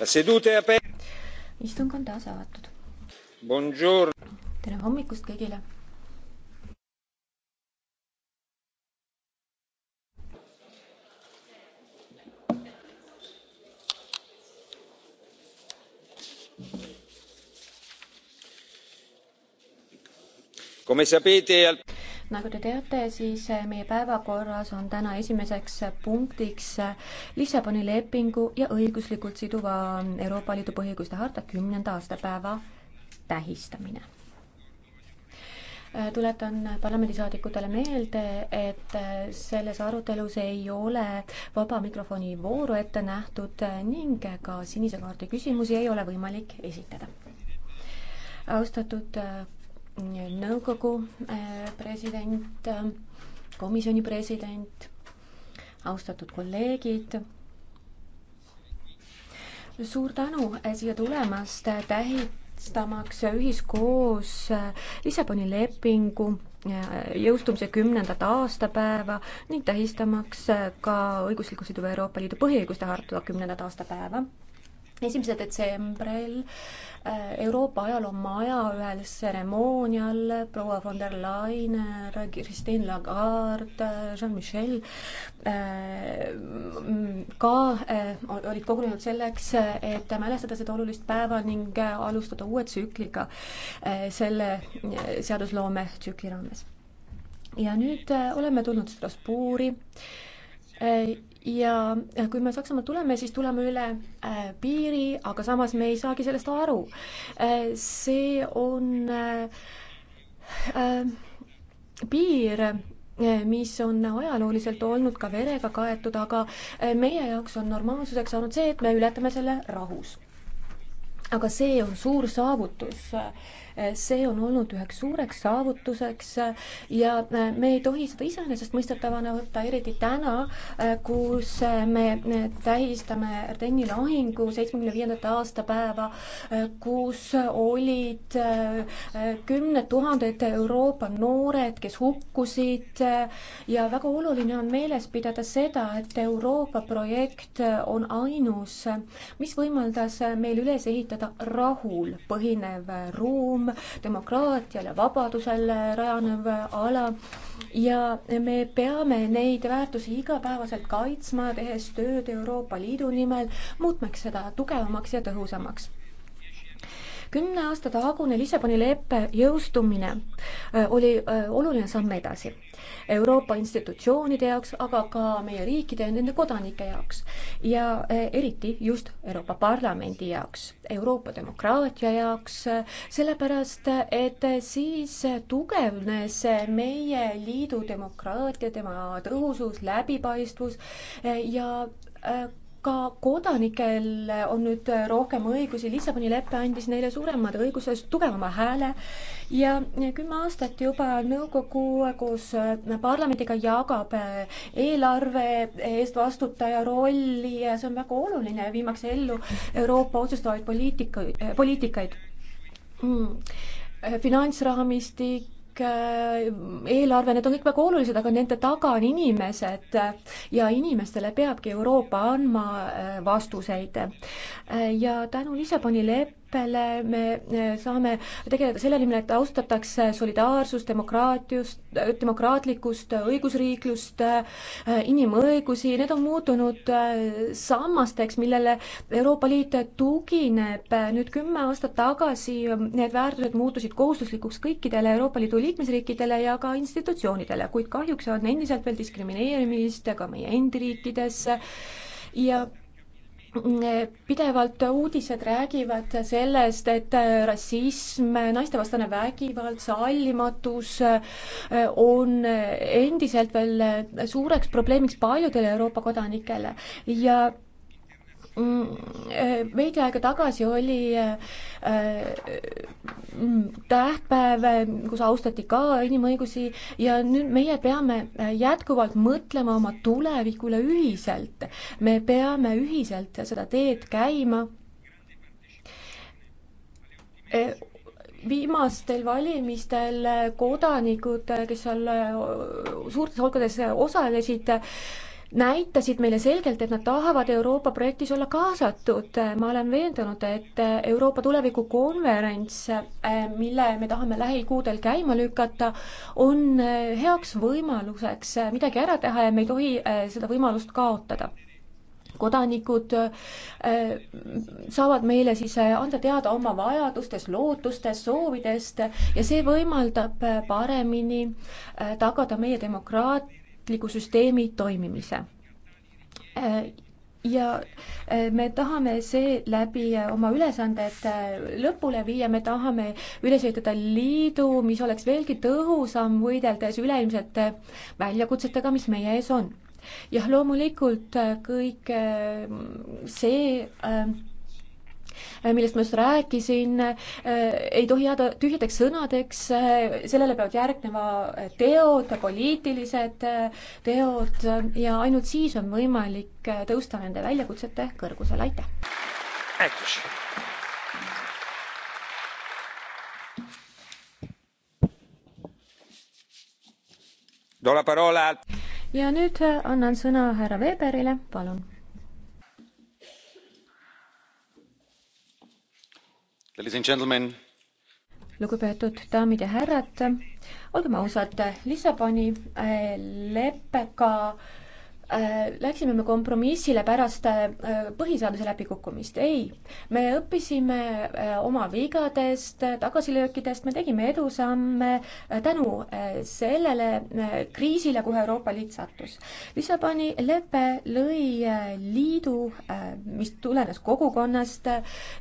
istung on taas avatud. tere hommikust kõigile. come sapete al nagu te teate, siis äh, meie päevakorras on täna esimeseks äh, punktiks äh, Lissaboni lepingu ja õiguslikult siduva Euroopa Liidu põhiõiguste harta kümnenda aastapäeva tähistamine tuletan parlamendisaadikutele meelde, et selles arutelus ei ole vaba mikrofoni vooru ette nähtud ning ka sinise kaardi küsimusi ei ole võimalik esitada. austatud nõukogu äh, president, äh, komisjoni president, austatud kolleegid. suur tänu äh, siia tulemast, tähistamaks ühiskoos Lissaboni lepingu jõustumise kümnendat aastapäeva ning tähistamaks ka õigusliku siduva Euroopa Liidu põhiõiguste harta kümnendat aastapäeva esimesel detsembril äh, Euroopa ajaloo maja ühel tseremoonial proua von der Leyen, äh, Christine Lagarde, Jean-Michel äh, ka olid kogunenud selleks, et mälestada seda olulist päeva ning alustada uue tsükliga selle seadusloome tsükli raames. ja nüüd oleme tulnud Strasbourgi ja äh, kui me Saksamaalt tuleme, siis tuleme üle äh, piiri, aga samas me ei saagi sellest aru äh,. see on äh, äh piir, äh, mis on ajalooliselt olnud ka verega kaetud, aga meie jaoks on normaalsuseks saanud see, et me ületame selle rahus. aga see on suur saavutus äh, Eh, see on olnud üheks suureks saavutuseks eh, ja eh, me ei tohi seda iseenesestmõistetavana võtta, eriti täna, kus me tähistame Erdeni lahingu seitsmekümne viiendat aastapäeva, kus olid kümned tuhanded Euroopa noored, kes hukkusid ja väga oluline on meeles pidada seda, et Euroopa projekt on ainus, mis võimaldas meil üles ehitada rahul põhinev ruum, edusamm, demokraatial ja vabadusel rajanev ala ja me peame neid väärtusi igapäevaselt kaitsma, tehes tööd Euroopa Liidu nimel, muutmaks seda tugevamaks ja tõhusamaks kümne aasta tagune Lissaboni leppe jõustumine äh, oli äh, oluline samm edasi Euroopa institutsioonide jaoks, aga ka meie riikide ja nende kodanike jaoks ja äh, eriti just Euroopa Parlamendi jaoks, Euroopa demokraatia jaoks, sellepärast et siis tugevnes meie liidu demokraatia, tema tõhusus, läbipaistvus ja ka kodanikel on nüüd rohkem õigusi, Lissaboni lepe andis neile suuremad õigused, tugevama hääle ja kümme aastat juba nõukogu koos parlamendiga jagab eelarve eest vastutaja rolli ja see on väga oluline, viimaks ellu Euroopa otsustavaid poliitika, poliitikaid mm. finantsraamistik, Äh, eelarve, need on kõik väga olulised, aga nende taga on inimesed ja inimestele peabki Euroopa andma äh, vastuseid. Äh, ja tänu Lissaboni leppele leppele, me e, saame tegeleda selle nimel, et austatakse solidaarsust, demokraatiust, demokraatlikkust, õigusriiklust, e, inimõigusi, need on muutunud e, sammasteks, millele Euroopa Liit tugineb. nüüd kümme aastat tagasi need väärtused muutusid kohustuslikuks kõikidele Euroopa Liidu liikmesriikidele ja ka institutsioonidele, kuid kahjuks on endiselt veel diskrimineerimist ka meie endi riikides ja pidevalt uudised räägivad sellest, et rassism, naistevastane vägivald, sallimatus on endiselt veel suureks probleemiks paljudele Euroopa kodanikele ja Mm, eh, veidi aega tagasi oli eh, eh, tähtpäev, kus austati ka inimõigusi ja nüüd meie peame jätkuvalt mõtlema oma tulevikule ühiselt. me peame ühiselt seda teed käima. viimastel valimistel kodanikud, kes seal suurtes hulkades osalesid, näitasid meile selgelt, et nad tahavad Euroopa projektis olla kaasatud. ma olen veendunud, et Euroopa tulevikukonverents, mille me tahame lähikuudel käima lükata, on heaks võimaluseks midagi ära teha ja me ei tohi äh, seda võimalust kaotada kodanikud äh, saavad meile siis äh, anda teada oma vajadustest, lootustest, soovidest ja see võimaldab paremini tagada meie demokraatia riikliku süsteemi toimimise äh, ja äh, me tahame seeläbi äh, oma ülesanded lõpule viia, me tahame üles ehitada liidu, mis oleks veelgi tõhusam, võideldes üleilmsete väljakutsetega, mis meie ees on. jah, loomulikult kõik see äh, Äh, millest ma just rääkisin, äh, ei tohi jääda tühjadeks sõnadeks, äh, sellele peavad järgnema teod, poliitilised teod ja ainult siis on võimalik tõusta nende väljakutsete kõrgusele, aitäh! ja nüüd annan sõna härra Weberile, palun lugupeetud daamid ja härrad, olgem ausad, Lissaboni äh, leppega Äh, läksime me kompromissile pärast äh, põhiseaduse läbikukkumist, ei. me õppisime äh, oma vigadest, tagasilöökidest, me tegime edusamme tänu sellele kriisile, kuhu Euroopa Liit sattus. Lissaboni lepe lõi liidu, mis tulenes kogukonnast,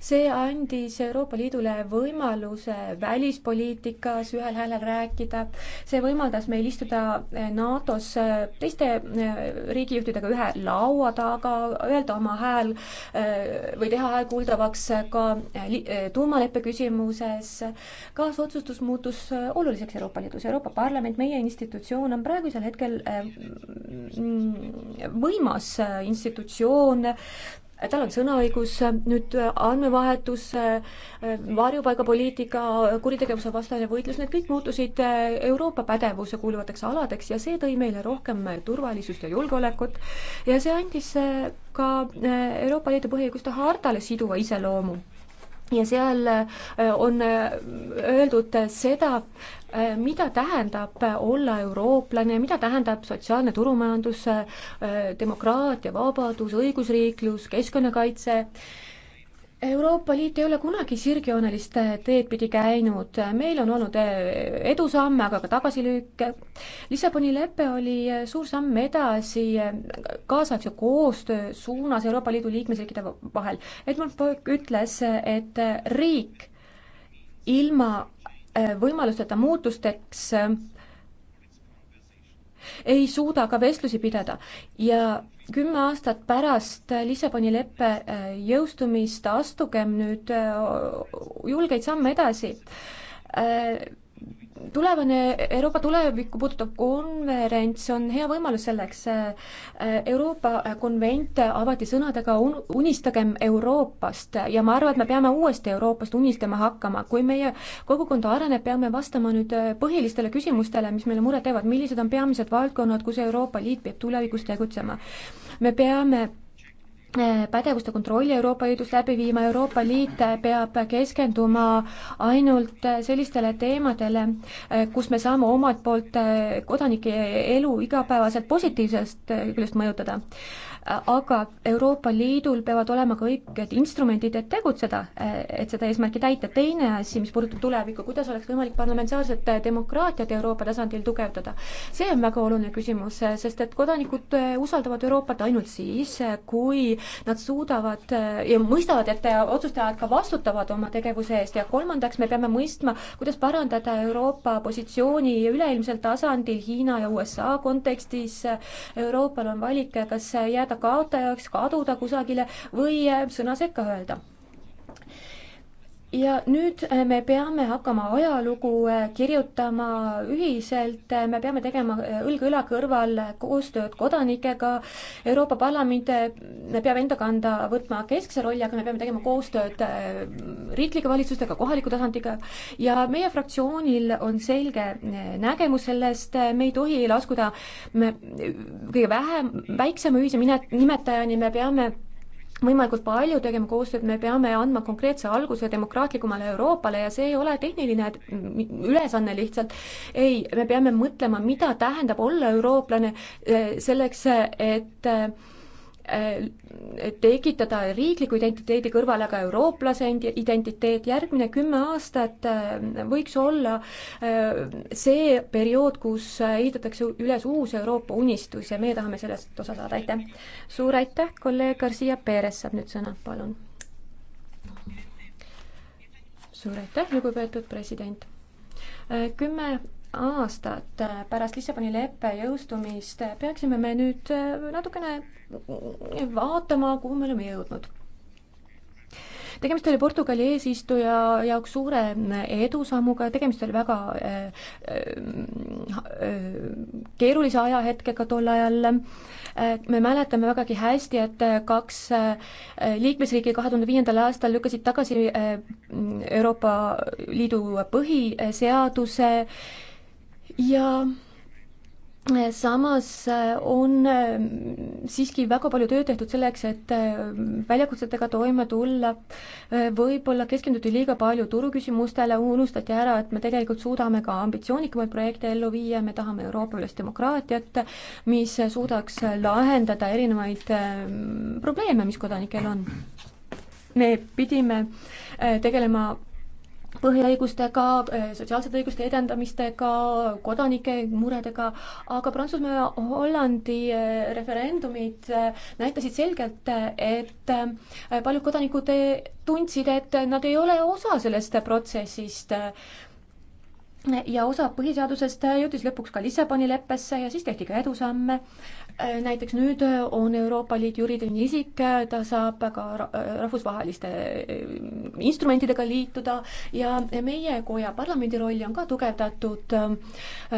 see andis Euroopa Liidule võimaluse välispoliitikas ühel häälel rääkida, see võimaldas meil istuda NATO-s teiste riikidega, riigijuhtidega ühe laua taga, öelda oma hääl äh, või teha hääl kuuldavaks ka äh, äh, tuumaleppe küsimuses. kaasotsustus muutus oluliseks Euroopa Liidus, Euroopa Parlament, meie institutsioon on praegusel hetkel mm, võimas institutsioon, Äh, tal on sõnaõigus, äh, nüüd äh, andmevahetus, varjupaigapoliitika, kuritegevuse vastane võitlus, need kõik muutusid Euroopa pädevuse kuuluvateks aladeks ja see tõi meile rohkem turvalisust ja julgeolekut ja see andis ka Euroopa Liidu põhiõiguste hartale siduva iseloomu ja seal äh, on äh, öeldud seda, äh, mida tähendab olla eurooplane, mida tähendab sotsiaalne turumajandus, demokraatia, vabadus, õigusriiklus, keskkonnakaitse Euroopa Liit ei ole kunagi sirgjoonelist teed pidi käinud, meil on olnud edusamme, aga ka tagasilüüke. Lissaboni lepe oli suur samm edasi kaasaegse koostöö suunas Euroopa Liidu liikmesriikide vahel. Edmund Burke ütles, et riik ilma võimalusteta muutusteks ei suuda ka vestlusi pidada ja kümme aastat pärast Lissaboni leppe äh, jõustumist astugem nüüd äh, julgeid samme edasi äh, tulevane, Euroopa tulevikku puudutav konverents on hea võimalus selleks. Euroopa konvent avati sõnadega un-, unistagem Euroopast ja ma arvan, et me peame uuesti Euroopast unistama hakkama. kui meie kogukond areneb, peame vastama nüüd põhilistele küsimustele, mis meile muret teevad, millised on peamised valdkonnad, kus Euroopa Liit peab tulevikus tegutsema. me peame pädevuste kontrolli Euroopa Liidus läbi viima, Euroopa Liit peab keskenduma ainult sellistele teemadele, kus me saame omalt poolt kodanike elu igapäevaselt positiivsest küljest mõjutada aga Euroopa Liidul peavad olema ka õiged instrumendid, et tegutseda, et seda eesmärki täita. teine asi, mis puudutab tulevikku, kuidas oleks võimalik parlamentaarset demokraatiat Euroopa tasandil tugevdada, see on väga oluline küsimus, sest et kodanikud usaldavad Euroopat ainult siis, kui nad suudavad ja mõistavad, et otsustajad ka vastutavad oma tegevuse eest ja kolmandaks, me peame mõistma, kuidas parandada Euroopa positsiooni üleilmsel tasandil Hiina ja USA kontekstis. Euroopal on valik, kas jääda võtta kaotajaks, kaduda kusagile või sõna sekka öelda ja nüüd äh, me peame hakkama ajalugu äh, kirjutama ühiselt, äh, me peame tegema õlg õla kõrval koostööd kodanikega, Euroopa Parlament peab enda kanda võtma keskse rolli, aga me peame tegema koostööd riiklike valitsustega, kohaliku tasandiga ja meie fraktsioonil on selge nägemus sellest, me ei tohi laskuda me kõige vähem, väiksema ühise minet-, nimetajani, me peame võimalikult palju tegema koostööd, me peame andma konkreetse alguse demokraatlikumale Euroopale ja see ei ole tehniline ülesanne lihtsalt. ei, me peame mõtlema, mida tähendab olla eurooplane eh, selleks, eh, et eh, Äh, tekitada riikliku identiteedi kõrvale ka eurooplase identiteet, järgmine kümme aastat äh, võiks olla äh, see periood, kus ehitatakse üles uus Euroopa unistus ja meie tahame sellest osa saada, aitäh! suur aitäh, kolleeg Garcia Perez saab nüüd sõna, palun! suur aitäh, lugupeetud president! kümme aastat pärast Lissaboni leppe jõustumist peaksime me nüüd natukene vaatama, kuhu me oleme jõudnud. tegemist oli Portugali eesistuja jaoks suure edusammuga, tegemist oli väga äh, äh, keerulise ajahetkega tol ajal äh,. me mäletame vägagi hästi, et kaks äh, liikmesriiki kahe tuhande viiendal aastal lükkasid tagasi äh, Euroopa Liidu põhiseaduse ja eh, samas eh, on eh, siiski väga palju tööd tehtud selleks, et väljakutsetega toime tulla. võib-olla keskenduti liiga palju turuküsimustele, unustati ära, et me tegelikult suudame ka ambitsioonikamaid projekte ellu viia, me tahame Euroopa-ülest demokraatiat, mis suudaks lahendada erinevaid probleeme, mis kodanikel on. me pidime tegelema põhiõigustega, eh, sotsiaalsete õiguste edendamistega, kodanike muredega, aga Prantsusmaa ja Hollandi eh, referendumid eh, näitasid selgelt, et paljud kodanikud tundsid, et nad ei ole osa sellest protsessist ja osa põhiseadusest jõudis lõpuks ka Lissaboni leppesse ja siis tehti ka edusamme. Äh, näiteks nüüd äh, on Euroopa Liit juriidiline isik, äh, ta saab ka rahvusvaheliste instrumentidega liituda ja meie koja parlamendi rolli on ka tugevdatud.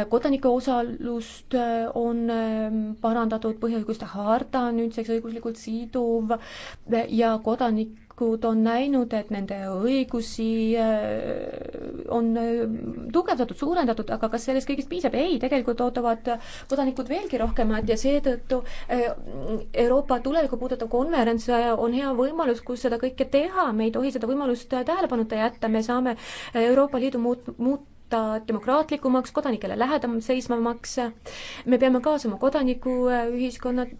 kodanike osalust on ähm, parandatud, põhiõiguste harta on nüüdseks õiguslikult siduv ja kodanik kodanikud on näinud, et nende õigusi äh, on äh, tugevdatud, suurendatud, aga kas sellest kõigest piisab? ei, tegelikult ootavad kodanikud veelgi rohkemat ja seetõttu äh, Euroopa tulevikku puudutav konverents on hea võimalus, kus seda kõike teha, me ei tohi seda võimalust tähelepanuta jätta, me saame Euroopa Liidu muut-, muut-, muuta demokraatlikumaks, kodanikele lähedam seisvamaks. me peame kaasama kodanikuühiskonnad,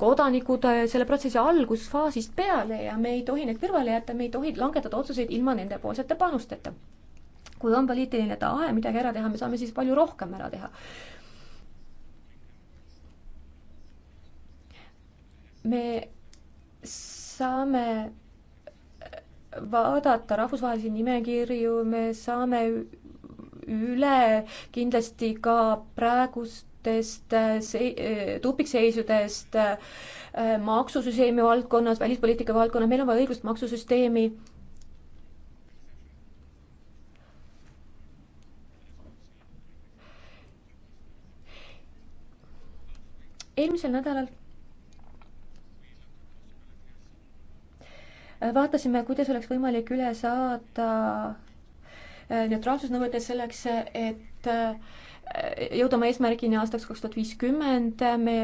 kodanikud selle protsessi algusfaasist peale ja me ei tohi neid kõrvale jätta, me ei tohi langetada otsuseid ilma nendepoolsete panusteta. kui on poliitiline tahe midagi ära teha, me saame siis palju rohkem ära teha me saame vaadata rahvusvahelisi nimekirju, me saame üle kindlasti ka praegustest se-, tupikseisudest äh, maksusüsteemi valdkonnas, välispoliitika valdkonnas, meil on vaja õiglust maksusüsteemi eelmisel nädalal vaatasime, kuidas oleks võimalik üle saada äh, neutraalsusnõuetes selleks, et äh, jõuda oma eesmärgini aastaks kaks tuhat viiskümmend, me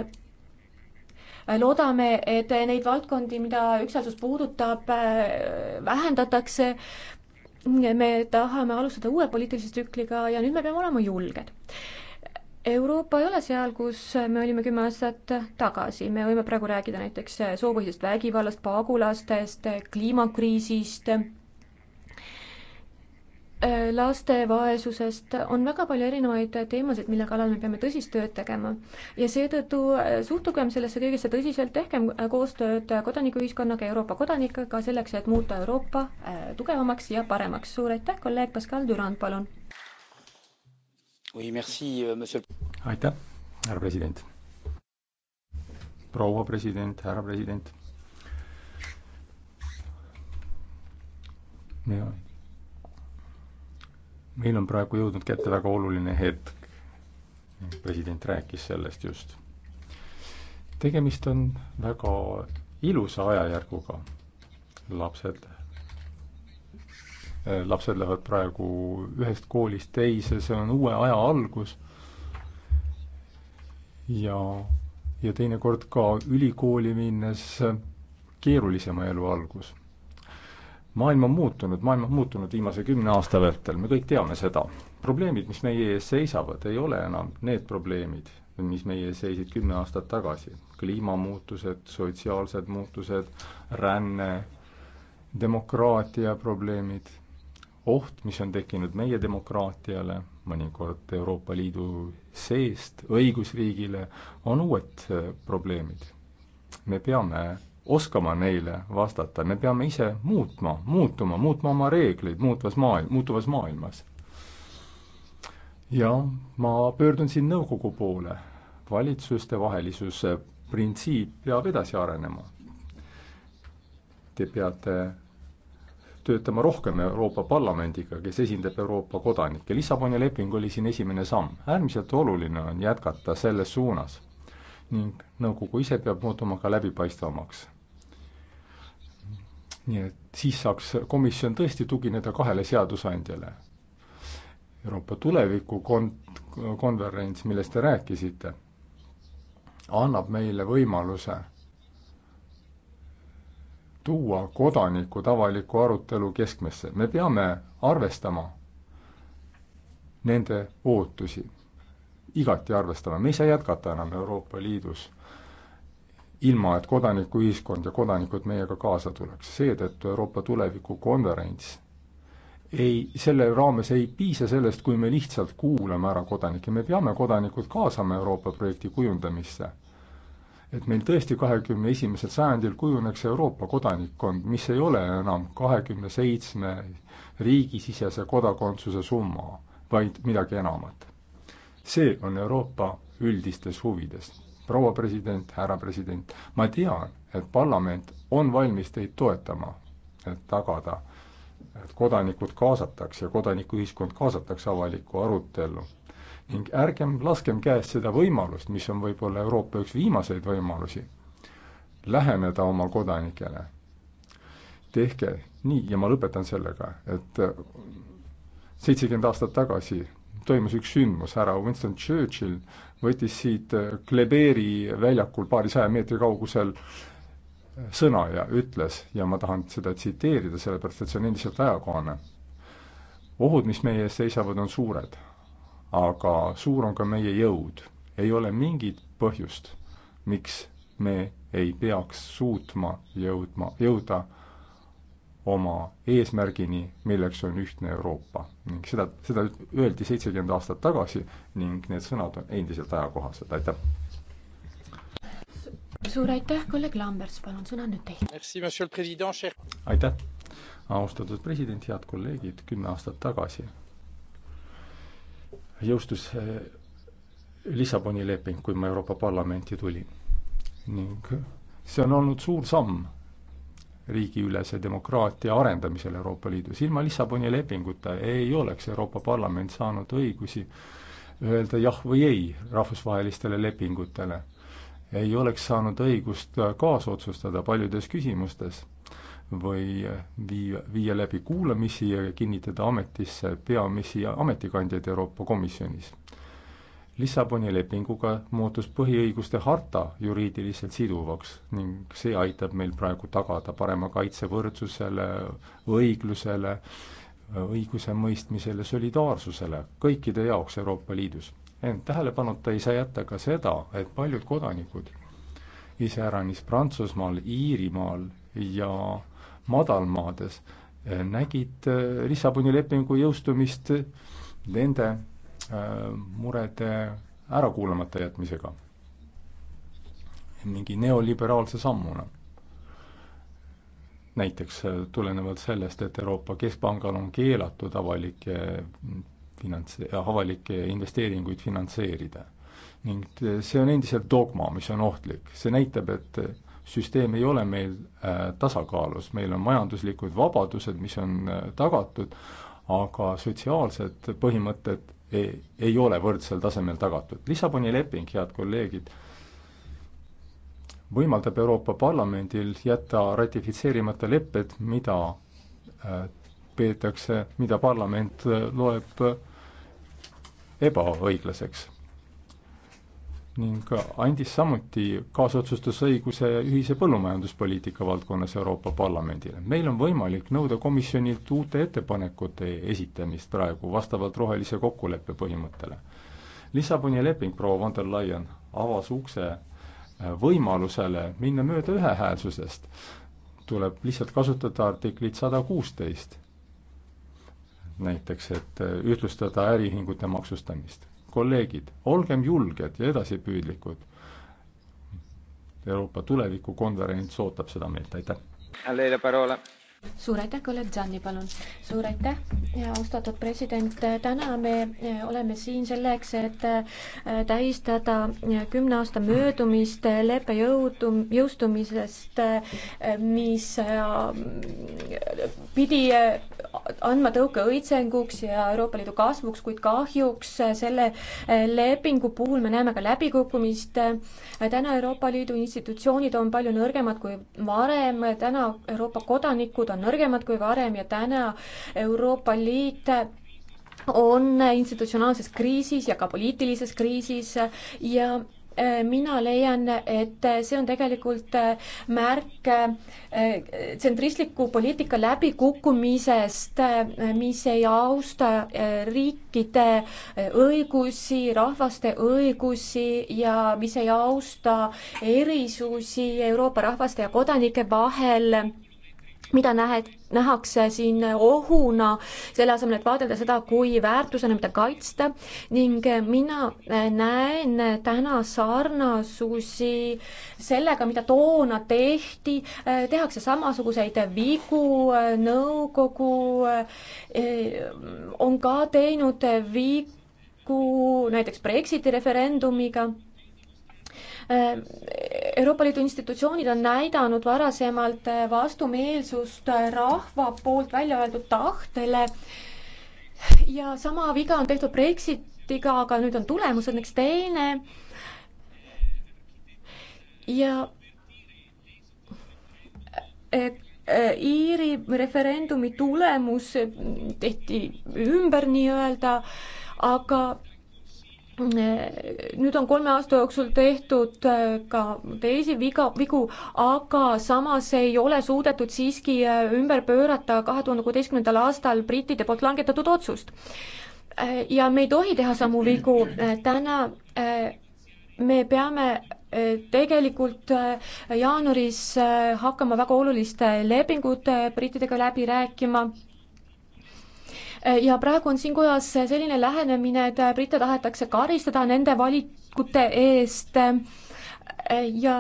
loodame, et neid valdkondi, mida ükshäälsus puudutab, äh, vähendatakse. me tahame alustada uue poliitilise tsükliga ja nüüd me peame olema julged. Euroopa ei ole seal, kus me olime kümme aastat tagasi, me võime praegu rääkida näiteks soopõhisest vägivallast, pagulastest, kliimakriisist, laste vaesusest, on väga palju erinevaid teemasid, mille kallal me peame tõsist tööd tegema. ja seetõttu suhtugem sellesse kõigesse tõsiselt, tehkem koostööd kodanikuühiskonnaga, Euroopa kodanikega selleks, et muuta Euroopa äh, tugevamaks ja paremaks. suur aitäh, kolleeg Pascal Durand, palun! Euh, aitäh, härra president. proua president, härra president. ja meil on praegu jõudnud kätte väga oluline hetk. president rääkis sellest just. tegemist on väga ilusa ajajärguga. lapsed Äh, lapsed lähevad praegu ühest koolist teise, see on uue aja algus. ja, ja teinekord ka ülikooli minnes keerulisema elu algus. maailm on muutunud, maailm on muutunud viimase kümne aasta vältel, me kõik teame seda. probleemid, mis meie ees seisavad, ei ole enam need probleemid, mis meie ees seisid kümme aastat tagasi. kliimamuutused, sotsiaalsed muutused, ränne, demokraatia probleemid oht, mis on tekkinud meie demokraatiale, mõnikord Euroopa Liidu seest, õigusriigile, on uued äh, probleemid. me peame oskama neile vastata, me peame ise muutma, muutuma, muutma oma reegleid muutvas maailm, muutuvas maailmas. ja ma pöördun siin nõukogu poole, valitsustevahelisuse printsiip peab edasi arenema. Te peate töötama rohkem Euroopa Parlamendiga, kes esindab Euroopa kodanikke. Lissaboni leping oli siin esimene samm. äärmiselt oluline on jätkata selles suunas ning nõukogu ise peab muutuma ka läbipaistvamaks. nii et siis saaks komisjon tõesti tugineda kahele seadusandjale. Euroopa tuleviku kon-, konverents, millest te rääkisite, annab meile võimaluse tuua kodanikud avaliku arutelu keskmesse. me peame arvestama nende ootusi, igati arvestama, me ei saa jätkata enam Euroopa Liidus ilma, et kodanikuühiskond ja kodanikud meiega kaasa tuleks. seetõttu Euroopa tulevikukonverents ei, selle raames ei piisa sellest, kui me lihtsalt kuulame ära kodanikke, me peame kodanikud kaasama Euroopa projekti kujundamisse et meil tõesti kahekümne esimesel sajandil kujuneks Euroopa kodanikkond, mis ei ole enam kahekümne seitsme riigisisese kodakondsuse summa, vaid midagi enamat. see on Euroopa üldistes huvides. proua president, härra president, ma tean, et parlament on valmis teid toetama, et tagada, et kodanikud kaasatakse, kodanikuühiskond kaasatakse avalikku arutellu ning ärgem laskem käest seda võimalust, mis on võib-olla Euroopa üks viimaseid võimalusi, läheneda oma kodanikele. tehke nii, ja ma lõpetan sellega, et seitsekümmend aastat tagasi toimus üks sündmus, härra Winston Churchill võttis siit Kleberi väljakul paarisaja meetri kaugusel sõna ja ütles, ja ma tahan seda tsiteerida, sellepärast et see on endiselt ajakohane. ohud, mis meie ees seisavad, on suured, aga suur on ka meie jõud. ei ole mingit põhjust, miks me ei peaks suutma jõudma, jõuda oma eesmärgini, milleks on ühtne Euroopa. ning seda, seda öeldi seitsekümmend aastat tagasi ning need sõnad on endiselt ajakohased, aitäh! suur aitäh, kolleeg Lambers, palun, sõna on nüüd teil. aitäh, austatud president, head kolleegid, kümme aastat tagasi jõustus eh, Lissaboni leping, kui ma Euroopa Parlamenti tulin. ning see on olnud suur samm riigiülese demokraatia arendamisel Euroopa Liidus. ilma Lissaboni lepinguta ei oleks Euroopa Parlament saanud õigusi öelda jah või ei rahvusvahelistele lepingutele. ei oleks saanud õigust kaasotsustada paljudes küsimustes või viia, viia läbi kuulamisi ja kinnitada ametisse peamisi ametikandjaid Euroopa Komisjonis. Lissaboni lepinguga muutus põhiõiguste harta juriidiliselt siduvaks ning see aitab meil praegu tagada parema kaitse võrdsusele, õiglusele, õigusemõistmisele, solidaarsusele kõikide jaoks Euroopa Liidus. ent tähelepanuta ei saa jätta ka seda, et paljud kodanikud, iseäranis Prantsusmaal, Iirimaal ja madalmaades eh, nägid eh, Lissaboni lepingu jõustumist nende eh, murede ära kuulamata jätmisega. mingi neoliberaalse sammuna. näiteks tulenevalt sellest, et Euroopa Keskpangal on keelatud avalikke mm, finants-, avalikke investeeringuid finantseerida. ning see on endiselt dogma, mis on ohtlik, see näitab, et süsteem ei ole meil äh, tasakaalus, meil on majanduslikud vabadused, mis on äh, tagatud, aga sotsiaalsed põhimõtted ei, ei ole võrdsel tasemel tagatud. Lissaboni leping, head kolleegid, võimaldab Euroopa Parlamendil jätta ratifitseerimata lepped, mida äh, peetakse, mida parlament loeb ebaõiglaseks ning andis samuti kaasotsustusõiguse ühise põllumajanduspoliitika valdkonnas Euroopa Parlamendile. meil on võimalik nõuda komisjonilt uute ettepanekute esitamist praegu vastavalt rohelise kokkuleppe põhimõttele. Lissaboni leping, proua von der Leyen, avas ukse äh, võimalusele minna mööda ühehäälsusest. tuleb lihtsalt kasutada artiklit sada kuusteist näiteks, et äh, ühtlustada äriühingute maksustamist kolleegid, olgem julged ja edasipüüdlikud. Euroopa tulevikukonverents ootab seda meilt, aitäh! suur aitäh, kolleeg Zanni, palun. suur aitäh ja austatud president, täna me eh, oleme siin selleks, et eh, tähistada eh, kümne aasta möödumist leppe jõudu, jõustumisest, mis pidi eh, andma tõuke õitsenguks ja Euroopa Liidu kasvuks, kuid kahjuks eh, selle eh, lepingu puhul me näeme ka läbikukkumist. täna Euroopa Liidu institutsioonid on palju nõrgemad kui varem, täna Euroopa kodanikud on nõrgemad kui varem ja täna Euroopa Liit on institutsionaalses kriisis ja ka poliitilises kriisis ja Äh, mina leian, et äh, see on tegelikult äh, märk tsentristliku poliitika läbikukkumisest, mis ei austa riikide õigusi, rahvaste õigusi ja mis ei austa erisusi Euroopa rahvaste ja kodanike vahel mida nähed, nähakse siin ohuna, selle asemel, et vaadelda seda kui väärtusena, mida kaitsta ning mina näen täna sarnasusi sellega, mida toona tehti, tehakse samasuguseid vigu, nõukogu eh, on ka teinud vigu näiteks Brexiti referendumiga Äh, Euroopa Liidu institutsioonid on näidanud varasemalt äh, vastumeelsust äh, rahva poolt välja öeldud tahtele ja sama viga on tehtud Brexitiga, aga nüüd on tulemus õnneks teine. ja et Iiri referendumi tulemus tehti ümber nii-öelda, aga nüüd on kolme aasta jooksul tehtud äh, ka teisi viga, vigu, aga samas ei ole suudetud siiski äh, ümber pöörata kahe tuhande kuueteistkümnendal aastal brittide poolt langetatud otsust. Äh, ja me ei tohi teha samu vigu, täna me peame tegelikult jaanuaris hakkama väga oluliste lepingute brittidega läbi rääkima Eh, ja praegu on siin kojas selline lähenemine, et eh, britte tahetakse karistada nende valikute eest eh, ja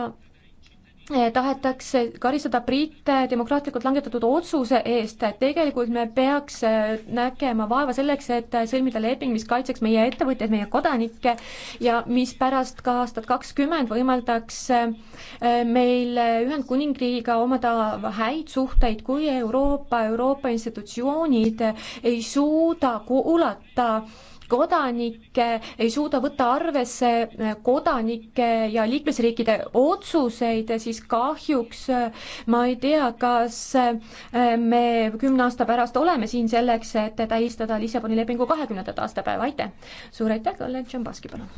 Eh, tahetakse karistada britte demokraatlikult langetatud otsuse eest, tegelikult me peaks eh, nägema vaeva selleks, et sõlmida leping, mis kaitseks meie ettevõtjaid, meie kodanikke ja mis pärast ka aastat kakskümmend võimaldaks eh, meil Ühendkuningriigiga omada häid suhteid, kui Euroopa, Euroopa institutsioonid ei suuda kuulata kodanikke, ei suuda võtta arvesse eh, kodanike ja liikmesriikide otsuseid, eh, siis kahjuks eh, ma ei tea, kas me kümne aasta pärast oleme siin selleks, et tähistada Lissaboni lepingu kahekümnendat aastapäeva, aitäh! suur aitäh, kolleeg Tšambaski, palun!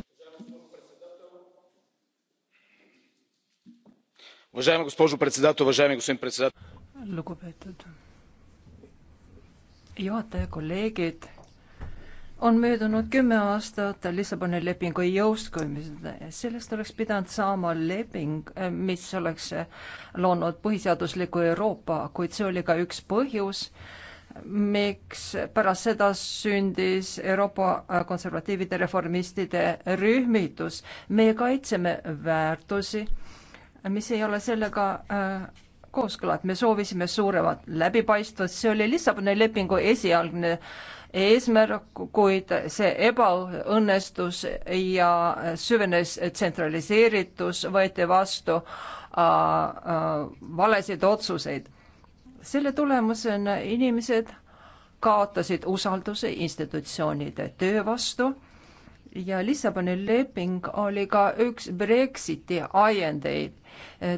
Уважаема госпожо председател, уважаеми господин председател. Lugupeetud juhataja, kolleegid on möödunud kümme aastat Lissaboni lepingu jõustumisele. sellest oleks pidanud saama leping, mis oleks loonud põhiseadusliku Euroopa, kuid see oli ka üks põhjus, miks pärast seda sündis Euroopa konservatiivide reformistide rühmitus. meie kaitseme väärtusi, mis ei ole sellega äh, kooskõla, et me soovisime suuremat läbipaistvust, see oli Lissaboni lepingu esialgne äh, eesmärk, kuid see ebaõnnestus ja süvenes tsentraliseeritus, võeti vastu äh, äh, valesid otsuseid. selle tulemusena inimesed kaotasid usalduse institutsioonide töö vastu ja Lissaboni leping oli ka üks Brexiti ajendeid.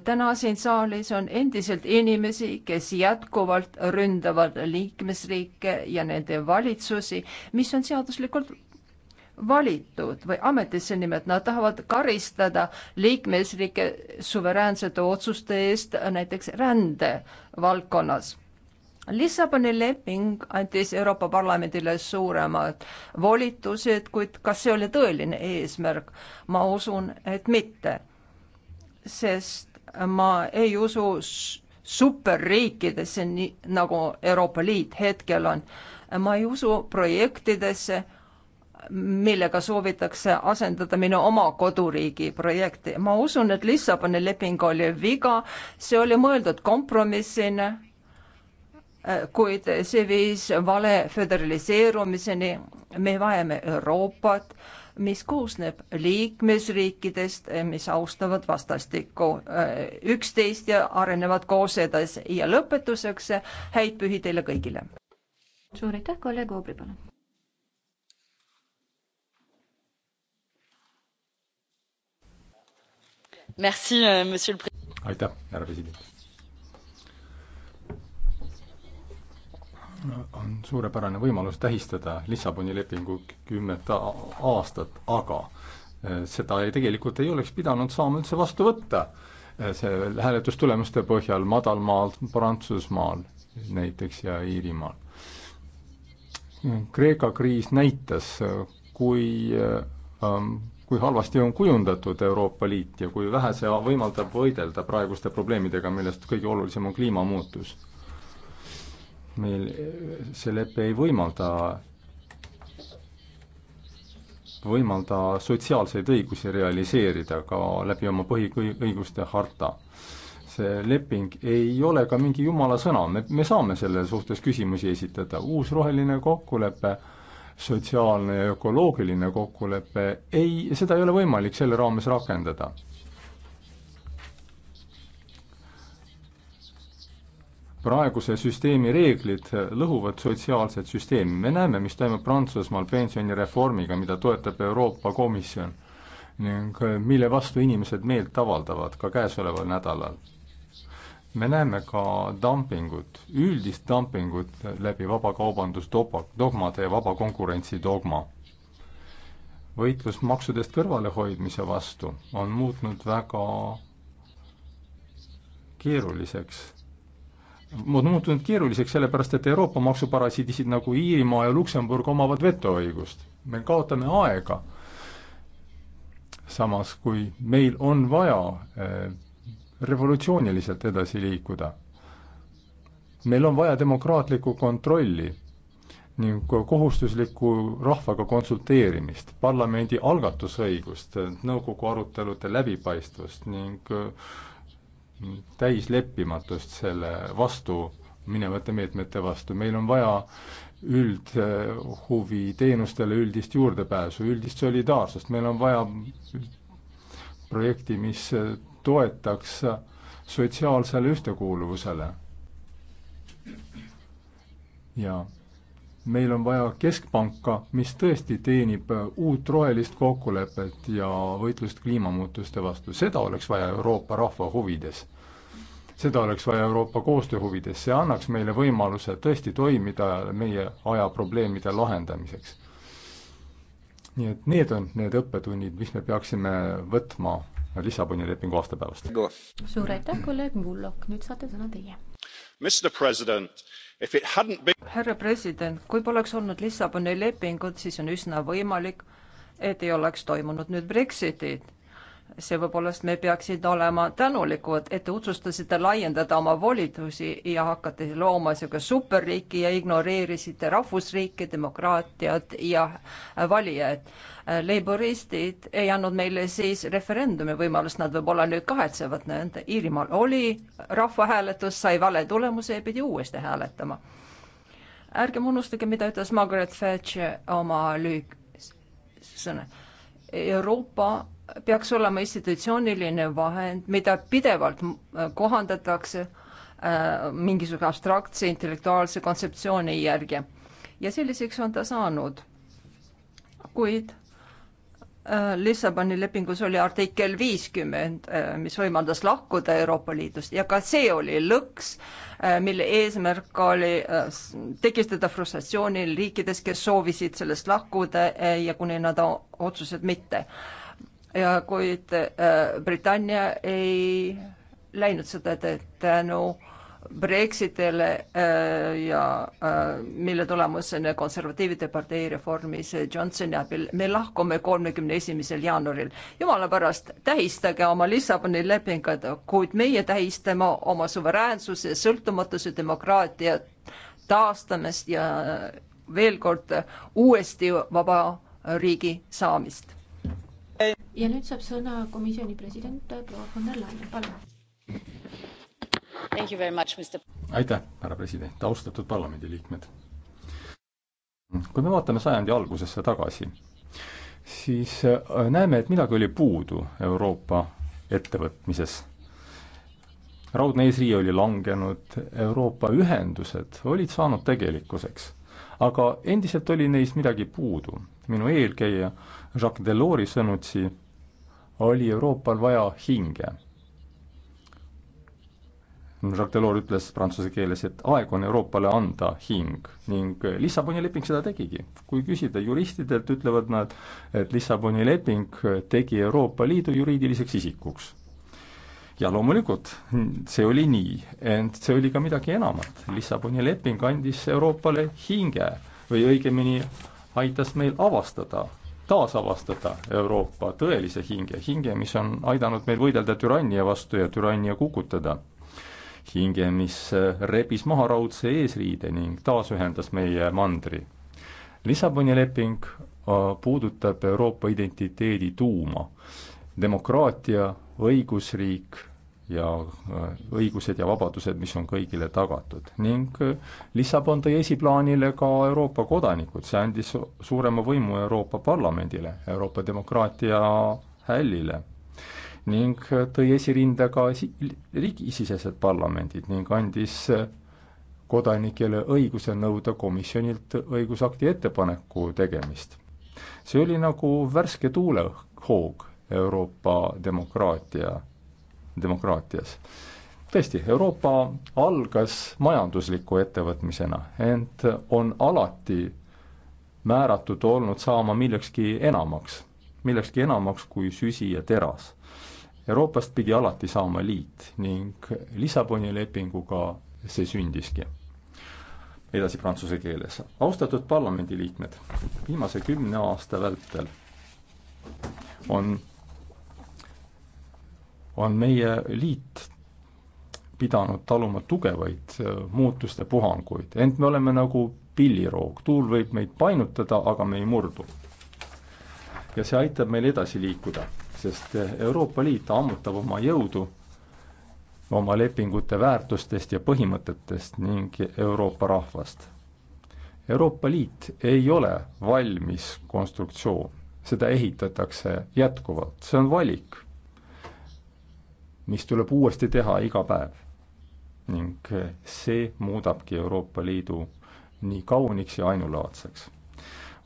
täna siin saalis on endiselt inimesi, kes jätkuvalt ründavad liikmesriike ja nende valitsusi, mis on seaduslikult valitud või ametisse nimed, nad tahavad karistada liikmesriike suveräänsete otsuste eest näiteks rände valdkonnas Lissaboni leping andis Euroopa Parlamendile suuremad volitused, kuid kas see oli tõeline eesmärk? ma usun, et mitte, sest ma ei usu superriikidesse, nii nagu Euroopa Liit hetkel on. ma ei usu projektidesse, millega soovitakse asendada minu oma koduriigi projekti. ma usun, et Lissaboni leping oli viga, see oli mõeldud kompromissina Äh, kuid see viis vale föderaliseerumiseni. me vajame Euroopat, mis koosneb liikmesriikidest, äh, mis austavad vastastikku äh, üksteist ja arenevad koos edasi ja lõpetuseks häid pühi teile kõigile. suur aitäh, kolleeg Oobri, palun. Euh, aitäh, härra president on suurepärane võimalus tähistada Lissaboni lepingu kümmet aastat, aga eh, seda ei, tegelikult ei oleks pidanud saama üldse vastu võtta. Eh, see hääletustulemuste põhjal Madalmaal, Prantsusmaal näiteks ja Iirimaal. Kreeka kriis näitas, kui eh, ähm, kui halvasti on kujundatud Euroopa Liit ja kui vähe see võimaldab võidelda praeguste probleemidega, millest kõige olulisem on kliimamuutus meil see lepe ei võimalda, võimalda sotsiaalseid õigusi realiseerida ka läbi oma põhiõiguste harta. see leping ei ole ka mingi jumala sõna, me, me saame selle suhtes küsimusi esitada, uus roheline kokkulepe, sotsiaalne ja ökoloogiline kokkulepe ei, seda ei ole võimalik selle raames rakendada praeguse süsteemi reeglid lõhuvad sotsiaalset süsteemi. me näeme, mis toimub Prantsusmaal pensionireformiga, mida toetab Euroopa Komisjon ning äh, mille vastu inimesed meelt avaldavad ka käesoleval nädalal. me näeme ka dumpingut, üldist dumpingut läbi vabakaubandusdogma, dogmade ja vaba konkurentsi dogma. võitlus maksudest kõrvalehoidmise vastu on muutnud väga keeruliseks muutunud keeruliseks, sellepärast et Euroopa maksuparasiidisid nagu Iirimaa ja Luksemburg omavad vetoõigust. me kaotame aega. samas, kui meil on vaja eh, revolutsiooniliselt edasi liikuda, meil on vaja demokraatlikku kontrolli ning kohustuslikku rahvaga konsulteerimist, parlamendi algatusõigust, nõukogu arutelude läbipaistvust ning äh, täis leppimatust selle vastu minevate meetmete vastu, meil on vaja üldhuvi teenustele üldist juurdepääsu, üldist solidaarsust, meil on vaja projekti, mis toetaks sotsiaalsele ühtekuuluvusele. ja meil on vaja keskpanka, mis tõesti teenib äh, uut rohelist kokkulepet ja võitlust kliimamuutuste vastu, seda oleks vaja Euroopa rahva huvides. seda oleks vaja Euroopa koostöö huvides, see annaks meile võimaluse tõesti toimida meie aja probleemide lahendamiseks. nii et need on need õppetunnid, mis me peaksime võtma Lissaboni lepingu aastapäevast. suur aitäh, kolleeg Mullok, nüüd saate sõna teie härra president kui poleks olnud lissaboni lepingut siis on üsna võimalik et ei oleks toimunud nüüd brexitit seepärast me peaksime olema tänulikud, et te otsustasite laiendada oma volitusi ja hakkate looma niisugust superriiki ja ignoreerisite rahvusriiki, demokraatiat ja valijaid. Leiboristid ei andnud meile siis referendumi võimalust, nad võib-olla nüüd kahetsevad nende, Iirimaal oli rahvahääletus, sai vale tulemuse ja pidi uuesti hääletama. ärgem unustage, mida ütles Margaret Thatcher oma lühikese sõna. Euroopa peaks olema institutsiooniline vahend, mida pidevalt äh, kohandatakse äh, mingisuguse abstraktse intellektuaalse kontseptsiooni järgi. ja selliseks on ta saanud. kuid äh, Lissaboni lepingus oli artikkel viiskümmend, mis võimaldas lahkuda Euroopa Liidust ja ka see oli lõks, mille eesmärk oli tekitada frustratsiooni riikides, kes soovisid sellest lahkuda ja kuni nad otsused mitte ja kuid äh, Britannia ei läinud seda teed tänu Brexitile äh, ja äh, mille tulemusena konservatiivide partei reformis Johnsoni abil me lahkume kolmekümne esimesel jaanuaril. jumala pärast, tähistage oma Lissaboni lepingut, kuid meie tähistame oma suveräänsuse, sõltumatuse, demokraatia taastamist ja veel kord uuesti vaba riigi saamist ja nüüd saab sõna komisjoni president äh, proua von der Leyen, palun. aitäh, härra president, austatud parlamendiliikmed. kui me vaatame sajandi algusesse tagasi, siis äh, näeme, et midagi oli puudu Euroopa ettevõtmises. raudne eesriie oli langenud, Euroopa ühendused olid saanud tegelikkuseks, aga endiselt oli neist midagi puudu. minu eelkäija Jacques Delors'i sõnutsi oli Euroopal vaja hinge. Jacques Delors ütles prantsuse keeles, et aeg on Euroopale anda hing ning Lissaboni leping seda tegigi. kui küsida juristidelt, ütlevad nad, et Lissaboni leping tegi Euroopa Liidu juriidiliseks isikuks ja loomulikult, see oli nii, ent see oli ka midagi enamat. Lissaboni leping andis Euroopale hinge või õigemini aitas meil avastada taasavastada Euroopa tõelise hinge, hinge, mis on aidanud meil võidelda türannia vastu ja türannia kukutada. hinge, mis rebis maha raudse eesriide ning taasühendas meie mandri. Lissaboni leping äh, puudutab Euroopa identiteedi tuuma, demokraatia, õigusriik ja äh, õigused ja vabadused, mis on kõigile tagatud. ning äh, Lissabon tõi esiplaanile ka Euroopa kodanikud, see andis suurema võimu Euroopa Parlamendile, Euroopa demokraatia hällile. ning äh, tõi esirinde ka esi-, riigisisesed parlamendid ning andis kodanikele õiguse nõuda komisjonilt õigusakti ettepaneku tegemist. see oli nagu värske tuulehoog Euroopa demokraatia demokraatias. tõesti, Euroopa algas majandusliku ettevõtmisena, ent on alati määratud olnud saama millekski enamaks, millekski enamaks kui süsi ja teras. Euroopast pidi alati saama liit ning Lissaboni lepinguga see sündiski. edasi prantsuse keeles. austatud parlamendiliikmed, viimase kümne aasta vältel on on meie liit pidanud taluma tugevaid äh, muutuste puhanguid, ent me oleme nagu pilliroog, tuul võib meid painutada, aga me ei murdu. ja see aitab meil edasi liikuda, sest äh, Euroopa Liit ammutab oma jõudu oma lepingute väärtustest ja põhimõtetest ning Euroopa rahvast. Euroopa Liit ei ole valmis konstruktsioon, seda ehitatakse jätkuvalt, see on valik, mis tuleb uuesti teha iga päev. ning see muudabki Euroopa Liidu nii kauniks ja ainulaadseks.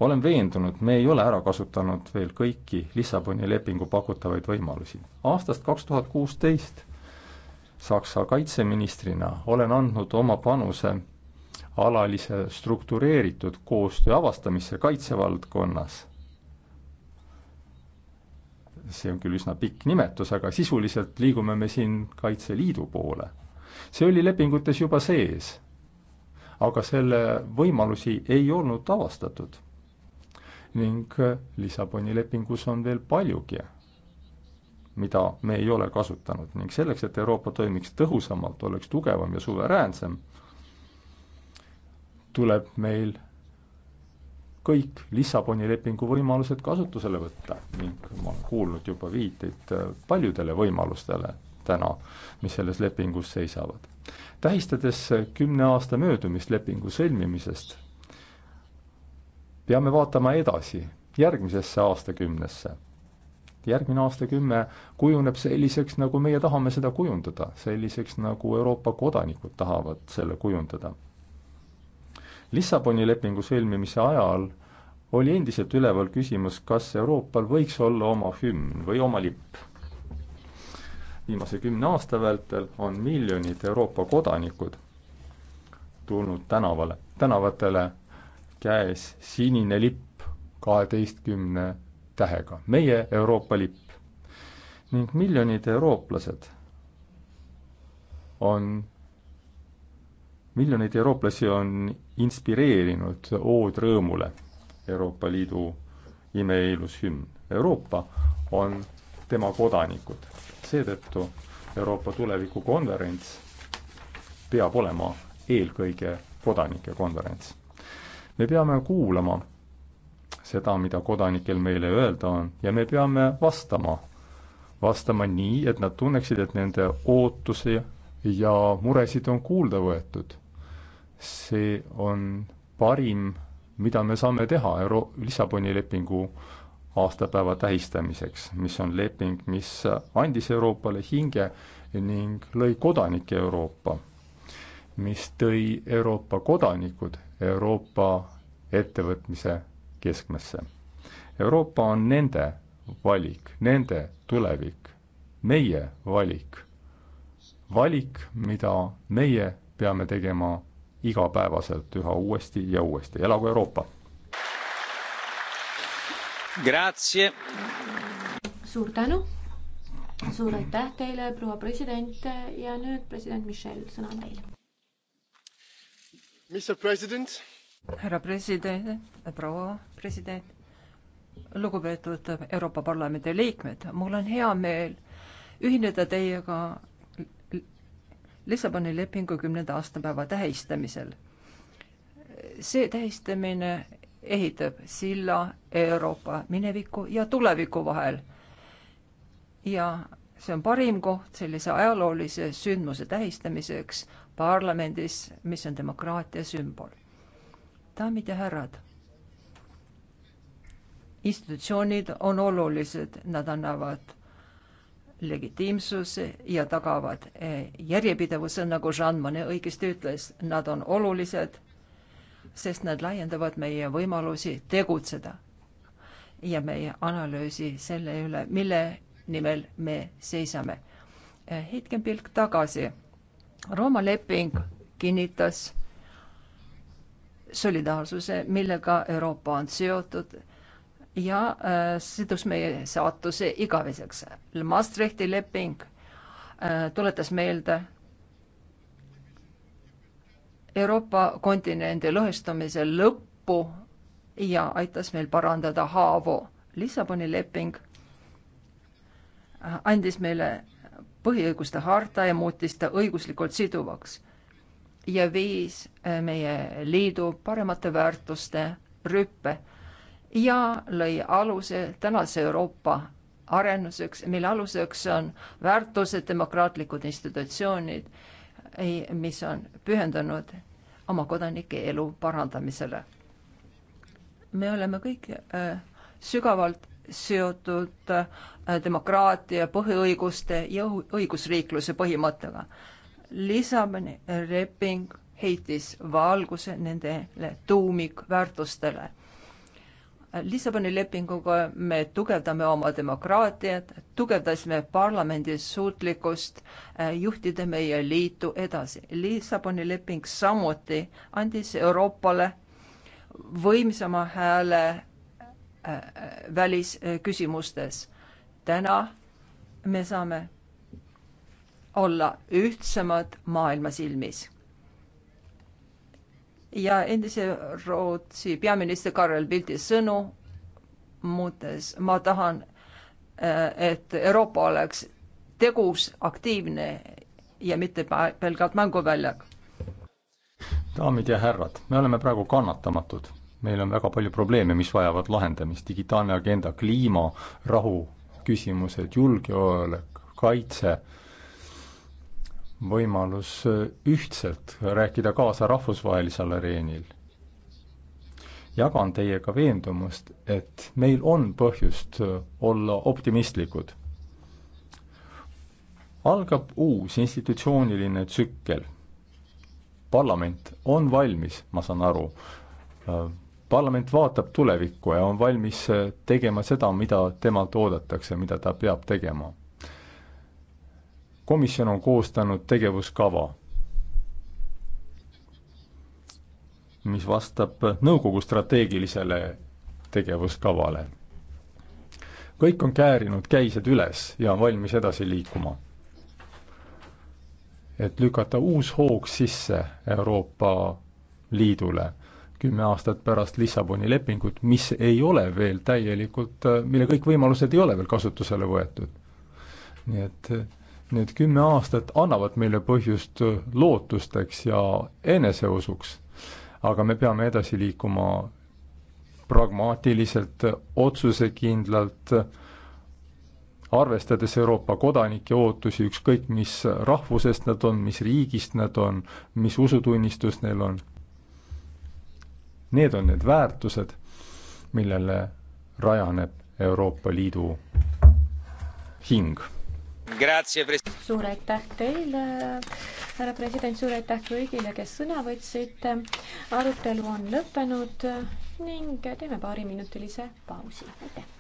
olen veendunud, me ei ole ära kasutanud veel kõiki Lissaboni lepingu pakutavaid võimalusi. aastast kaks tuhat kuusteist Saksa kaitseministrina olen andnud oma panuse alalise struktureeritud koostöö avastamisse kaitsevaldkonnas see on küll üsna pikk nimetus, aga sisuliselt liigume me siin Kaitseliidu poole. see oli lepingutes juba sees, aga selle võimalusi ei olnud avastatud. ning Lissaboni lepingus on veel paljugi, mida me ei ole kasutanud ning selleks, et Euroopa toimiks tõhusamalt, oleks tugevam ja suveräänsem, tuleb meil kõik Lissaboni lepingu võimalused kasutusele võtta ning ma olen kuulnud juba viiteid äh, paljudele võimalustele täna, mis selles lepingus seisavad. tähistades äh, kümne aasta möödumist lepingu sõlmimisest, peame vaatama edasi järgmisesse aastakümnesse. järgmine aastakümme kujuneb selliseks, nagu meie tahame seda kujundada, selliseks, nagu Euroopa kodanikud tahavad selle kujundada Lissaboni lepingu sõlmimise ajal oli endiselt üleval küsimus, kas Euroopal võiks olla oma hümn või oma lipp. viimase kümne aasta vältel on miljonid Euroopa kodanikud tulnud tänavale, tänavatele käes sinine lipp kaheteistkümne tähega, meie Euroopa lipp. ning miljonid eurooplased on miljoneid eurooplasi on inspireerinud Ood rõõmule, Euroopa Liidu imeilus hümn. Euroopa on tema kodanikud. seetõttu Euroopa tulevikukonverents peab olema eelkõige kodanike konverents. me peame kuulama seda, mida kodanikel meile öelda on ja me peame vastama, vastama nii, et nad tunneksid, et nende ootusi ja muresid on kuulda võetud see on parim, mida me saame teha Euro-, Lissaboni lepingu aastapäeva tähistamiseks, mis on leping, mis andis Euroopale hinge ning lõi kodanike Euroopa, mis tõi Euroopa kodanikud Euroopa ettevõtmise keskmesse. Euroopa on nende valik, nende tulevik, meie valik, valik, mida meie peame tegema igapäevaselt üha uuesti ja uuesti. elagu Euroopa! suur tänu, suur aitäh teile, proua president ja nüüd president Michel, sõna on teil. härra president, proua president, lugupeetud Euroopa Parlamendi liikmed, mul on hea meel ühineda teiega Lissaboni lepingu kümnenda aastapäeva tähistamisel. see tähistamine ehitab silla Euroopa mineviku ja tuleviku vahel. ja see on parim koht sellise ajaloolise sündmuse tähistamiseks parlamendis, mis on demokraatia sümbol. daamid ja härrad institutsioonid on olulised, nad annavad legitiimsuse ja tagavad eh, järjepidevuse, nagu Jean Monnet õigesti ütles. Nad on olulised, sest nad laiendavad meie võimalusi tegutseda ja meie analüüsi selle üle, mille nimel me seisame. Eh, heitkem pilk tagasi. Rooma leping kinnitas solidaarsuse, millega Euroopa on seotud ja äh, sidus meie saatuse igaveseks. Maastrichti leping äh, tuletas meelde Euroopa kontinendi lõhestumise lõppu ja aitas meil parandada haavu. Lissaboni leping äh, andis meile põhiõiguste harta ja muutis ta õiguslikult siduvaks ja viis äh, meie liidu paremate väärtuste rüppe ja lõi aluse tänase Euroopa arenduseks, mille aluseks on väärtused, demokraatlikud institutsioonid, mis on pühendunud oma kodanike elu parandamisele. me oleme kõik äh, sügavalt seotud äh, demokraatia, põhiõiguste ja õigusriikluse põhimõttega. Lissaboni leping heitis valguse nendele tuumikväärtustele Lissaboni lepinguga me tugevdame oma demokraatiat, tugevdasime parlamendi suutlikkust äh, juhtida meie liitu edasi. Lissaboni leping samuti andis Euroopale võimsama hääle äh, välisküsimustes. täna me saame olla ühtsemad maailma silmis ja endise Rootsi peaministri Karel Bildi sõnu muutes ma tahan, äh, et Euroopa oleks tegus, aktiivne ja mitte pelgalt mänguväljak. daamid ja härrad, me oleme praegu kannatamatud. meil on väga palju probleeme, mis vajavad lahendamist, digitaalne agenda, kliima, rahu, küsimused, julgeolek, kaitse võimalus äh, ühtselt rääkida kaasa rahvusvahelisel areenil. jagan teiega veendumust, et meil on põhjust äh, olla optimistlikud. algab uus institutsiooniline tsükkel. parlament on valmis, ma saan aru, äh, parlament vaatab tulevikku ja on valmis tegema seda, mida temalt oodatakse, mida ta peab tegema komisjon on koostanud tegevuskava, mis vastab nõukogu strateegilisele tegevuskavale. kõik on käärinud käised üles ja on valmis edasi liikuma. et lükata uus hoog sisse Euroopa Liidule kümme aastat pärast Lissaboni lepingut, mis ei ole veel täielikult, mille kõik võimalused ei ole veel kasutusele võetud. nii et need kümme aastat annavad meile põhjust lootusteks ja eneseusuks. aga me peame edasi liikuma pragmaatiliselt, otsusekindlalt, arvestades Euroopa kodanike ootusi, ükskõik mis rahvusest nad on, mis riigist nad on, mis usutunnistus neil on. Need on need väärtused, millele rajaneb Euroopa Liidu hing suur aitäh teile, härra president, suur aitäh kõigile, kes sõna võtsid. arutelu on lõppenud ning teeme paariminutilise pausi, aitäh.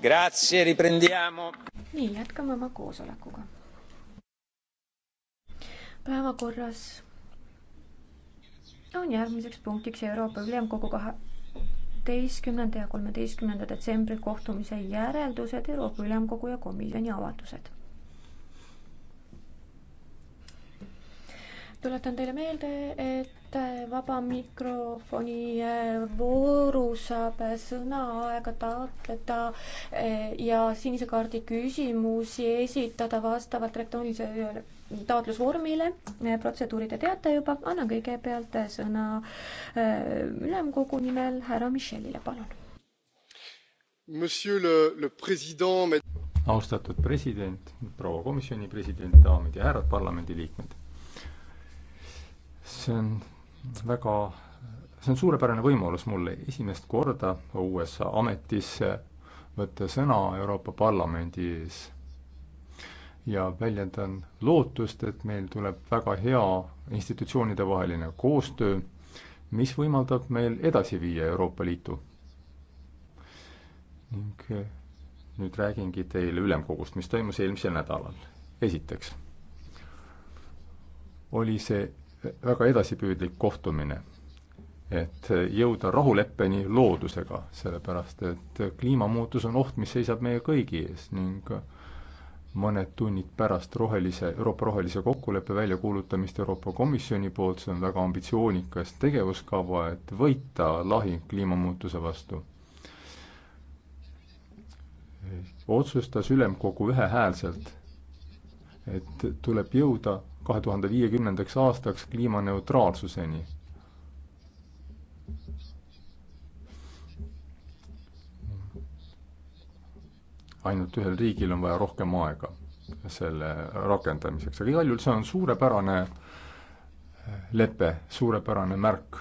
Grazie, riprendiamo. nii, jätkame oma koosolekuga. päevakorras on järgmiseks punktiks Euroopa Ülemkogu kaheteistkümnenda ja kolmeteistkümnenda detsembri kohtumise järeldused Euroopa Ülemkogu ja komisjoni avaldused. tuletan teile meelde, et et vaba mikrofoni eh, vooru saab eh, sõnaaega taotleda eh, ja sinise kaardi küsimusi esitada vastavalt elektroonilisele taotlusvormile. protseduuri te teate juba, annan kõigepealt sõna ülemkogu nimel härra Michelile, palun. austatud president, proua komisjoni president, daamid ja härrad parlamendiliikmed see on väga, see on suurepärane võimalus mulle esimest korda uues ametis võtta sõna Euroopa Parlamendi ees. ja väljendan lootust, et meil tuleb väga hea institutsioonidevaheline koostöö, mis võimaldab meil edasi viia Euroopa Liitu. ning eh, nüüd räägingi teile ülemkogust, mis toimus eelmisel nädalal. esiteks oli see väga edasipüüdlik kohtumine, et jõuda rahuleppeni loodusega, sellepärast et kliimamuutus on oht, mis seisab meie kõigi ees ning mõned tunnid pärast rohelise, Euroopa rohelise kokkuleppe väljakuulutamist Euroopa Komisjoni poolt, see on väga ambitsioonikas tegevuskava, et võita lahing kliimamuutuse vastu otsustas ülemkogu ühehäälselt, et tuleb jõuda kahe tuhande viiekümnendaks aastaks kliimaneutraalsuseni. ainult ühel riigil on vaja rohkem aega selle rakendamiseks, aga igal juhul see on suurepärane lepe, suurepärane märk.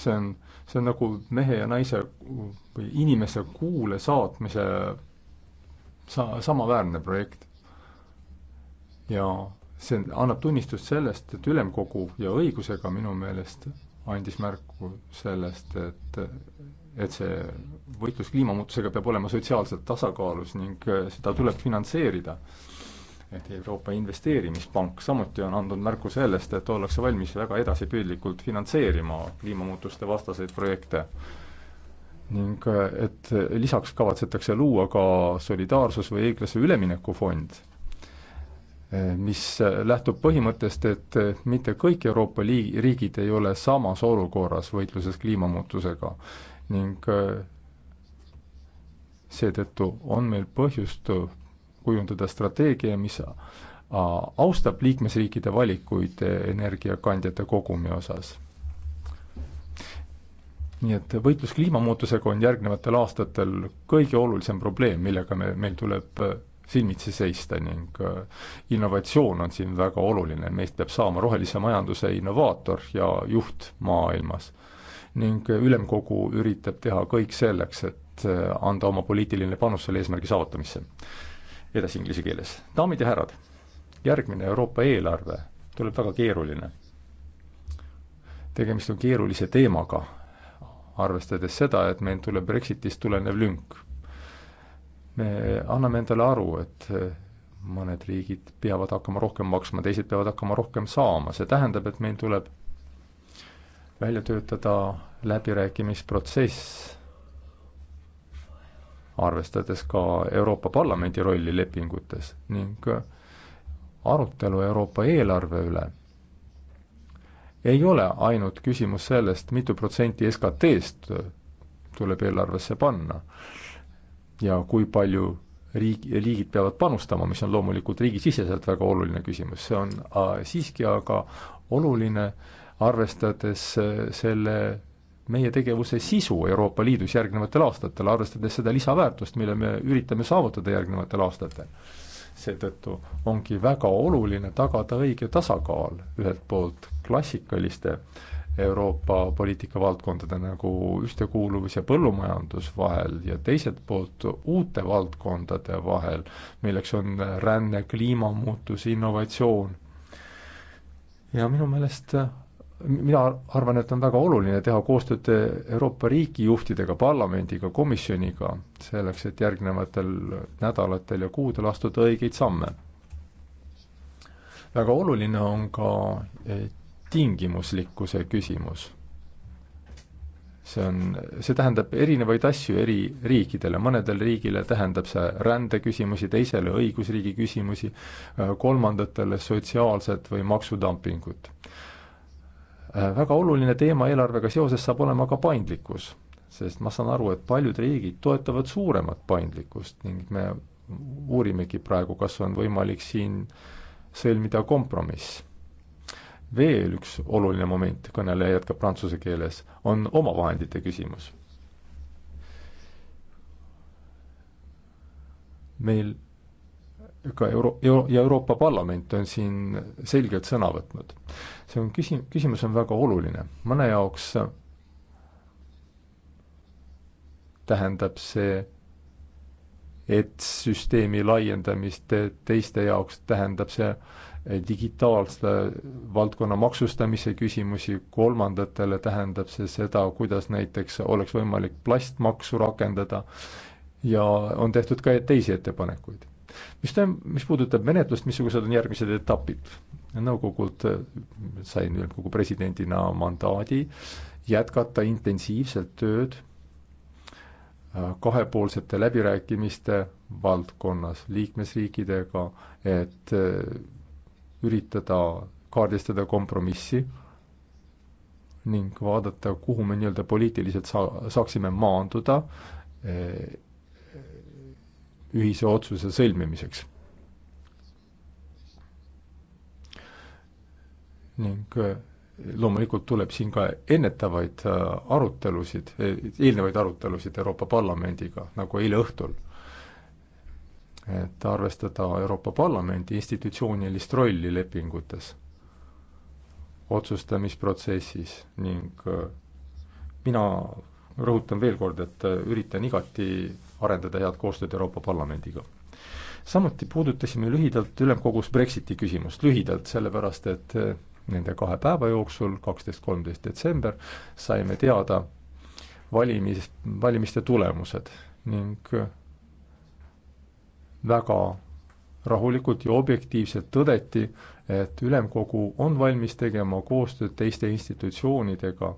see on, see on nagu mehe ja naise või inimese kuule saatmise sa-, samaväärne projekt. ja see annab tunnistust sellest, et ülemkogu ja õigusega minu meelest andis märku sellest, et et see võitlus kliimamuutusega peab olema sotsiaalselt tasakaalus ning seda tuleb finantseerida. et Euroopa Investeerimispank samuti on andnud märku sellest, et ollakse valmis väga edasipüüdlikult finantseerima kliimamuutuste vastaseid projekte ning äh, et äh, lisaks kavatsetakse luua ka solidaarsus- või õiglase ülemineku fond, äh, mis lähtub põhimõttest, et mitte kõik Euroopa lii-, riigid ei ole samas olukorras võitluses kliimamuutusega ning seetõttu on meil põhjust kujundada strateegia, mis austab liikmesriikide valikuid energiakandjate kogumi osas nii et võitlus kliimamuutusega on järgnevatel aastatel kõige olulisem probleem, millega me, meil tuleb äh, silmitsi seista ning äh, innovatsioon on siin väga oluline, meist peab saama rohelise majanduse innovaator ja juht maailmas. ning äh, ülemkogu üritab teha kõik selleks, et anda oma poliitiline panus selle eesmärgi saavutamisse. edasi inglise keeles. daamid ja härrad, järgmine Euroopa eelarve tuleb väga keeruline. tegemist on keerulise teemaga arvestades seda, et meil tuleb Brexitist tulenev lünk. me anname endale aru, et eh, mõned riigid peavad hakkama rohkem maksma, teised peavad hakkama rohkem saama, see tähendab, et meil tuleb välja töötada läbirääkimisprotsess, arvestades ka Euroopa Parlamendi rolli lepingutes ning arutelu Euroopa eelarve üle ei ole ainult küsimus sellest, mitu protsenti SKT-st tuleb eelarvesse panna ja kui palju riik, riigid peavad panustama, mis on loomulikult riigisiseselt väga oluline küsimus, see on siiski aga oluline, arvestades e, selle meie tegevuse sisu Euroopa Liidus järgnevatel aastatel, arvestades seda lisaväärtust, mille me üritame saavutada järgnevatel aastatel seetõttu ongi väga oluline tagada õige tasakaal ühelt poolt klassikaliste Euroopa poliitikavaldkondade nagu ühtekuuluvus ja põllumajandus vahel ja teiselt poolt uute valdkondade vahel, milleks on ränne, kliimamuutus, innovatsioon. ja minu meelest mina arvan, et on väga oluline teha koostööd Euroopa riigijuhtidega, parlamendiga, komisjoniga, selleks et järgnevatel nädalatel ja kuudel astuda õigeid samme. väga oluline on ka eh, tingimuslikkuse küsimus. see on, see tähendab erinevaid asju eri riikidele, mõnedele riigile tähendab see rändeküsimusi, teisele õigusriigi küsimusi, eh, kolmandatele sotsiaalset või maksudumpingut Äh, väga oluline teema eelarvega seoses saab olema ka paindlikkus, sest ma saan aru, et paljud riigid toetavad suuremat paindlikkust ning me uurimegi praegu, kas on võimalik siin sõlmida kompromiss. veel üks oluline moment, kõneleja jätkab prantsuse keeles, on omavahendite küsimus. meil ka Euro-, Euro- ja Euroopa Parlament on siin selgelt sõna võtnud. see on küsi-, küsimus on väga oluline, mõne jaoks tähendab see, et süsteemi laiendamist, teiste jaoks tähendab see digitaalse valdkonna maksustamise küsimusi, kolmandatele tähendab see seda, kuidas näiteks oleks võimalik plastmaksu rakendada ja on tehtud ka teisi ettepanekuid mis toim-, mis puudutab menetlust, missugused on järgmised etapid? nõukogult äh, sain ülemkogu presidendina mandaadi jätkata intensiivselt tööd äh, kahepoolsete läbirääkimiste valdkonnas liikmesriikidega, et äh, üritada kaardistada kompromissi ning vaadata, kuhu me nii-öelda poliitiliselt saa-, saaksime maanduda ühise otsuse sõlmimiseks. ning äh, loomulikult tuleb siin ka ennetavaid äh, arutelusid, e, eelnevaid arutelusid Euroopa Parlamendiga, nagu eile õhtul. et arvestada Euroopa Parlamendi institutsioonilist rolli lepingutes, otsustamisprotsessis ning äh, mina rõhutan veel kord, et üritan igati arendada head koostööd Euroopa Parlamendiga. samuti puudutasime lühidalt ülemkogus Brexiti küsimust, lühidalt, sellepärast et eh, nende kahe päeva jooksul, kaksteist, kolmteist detsember, saime teada valimis, valimiste tulemused ning eh, väga rahulikult ja objektiivselt tõdeti, et ülemkogu on valmis tegema koostööd teiste institutsioonidega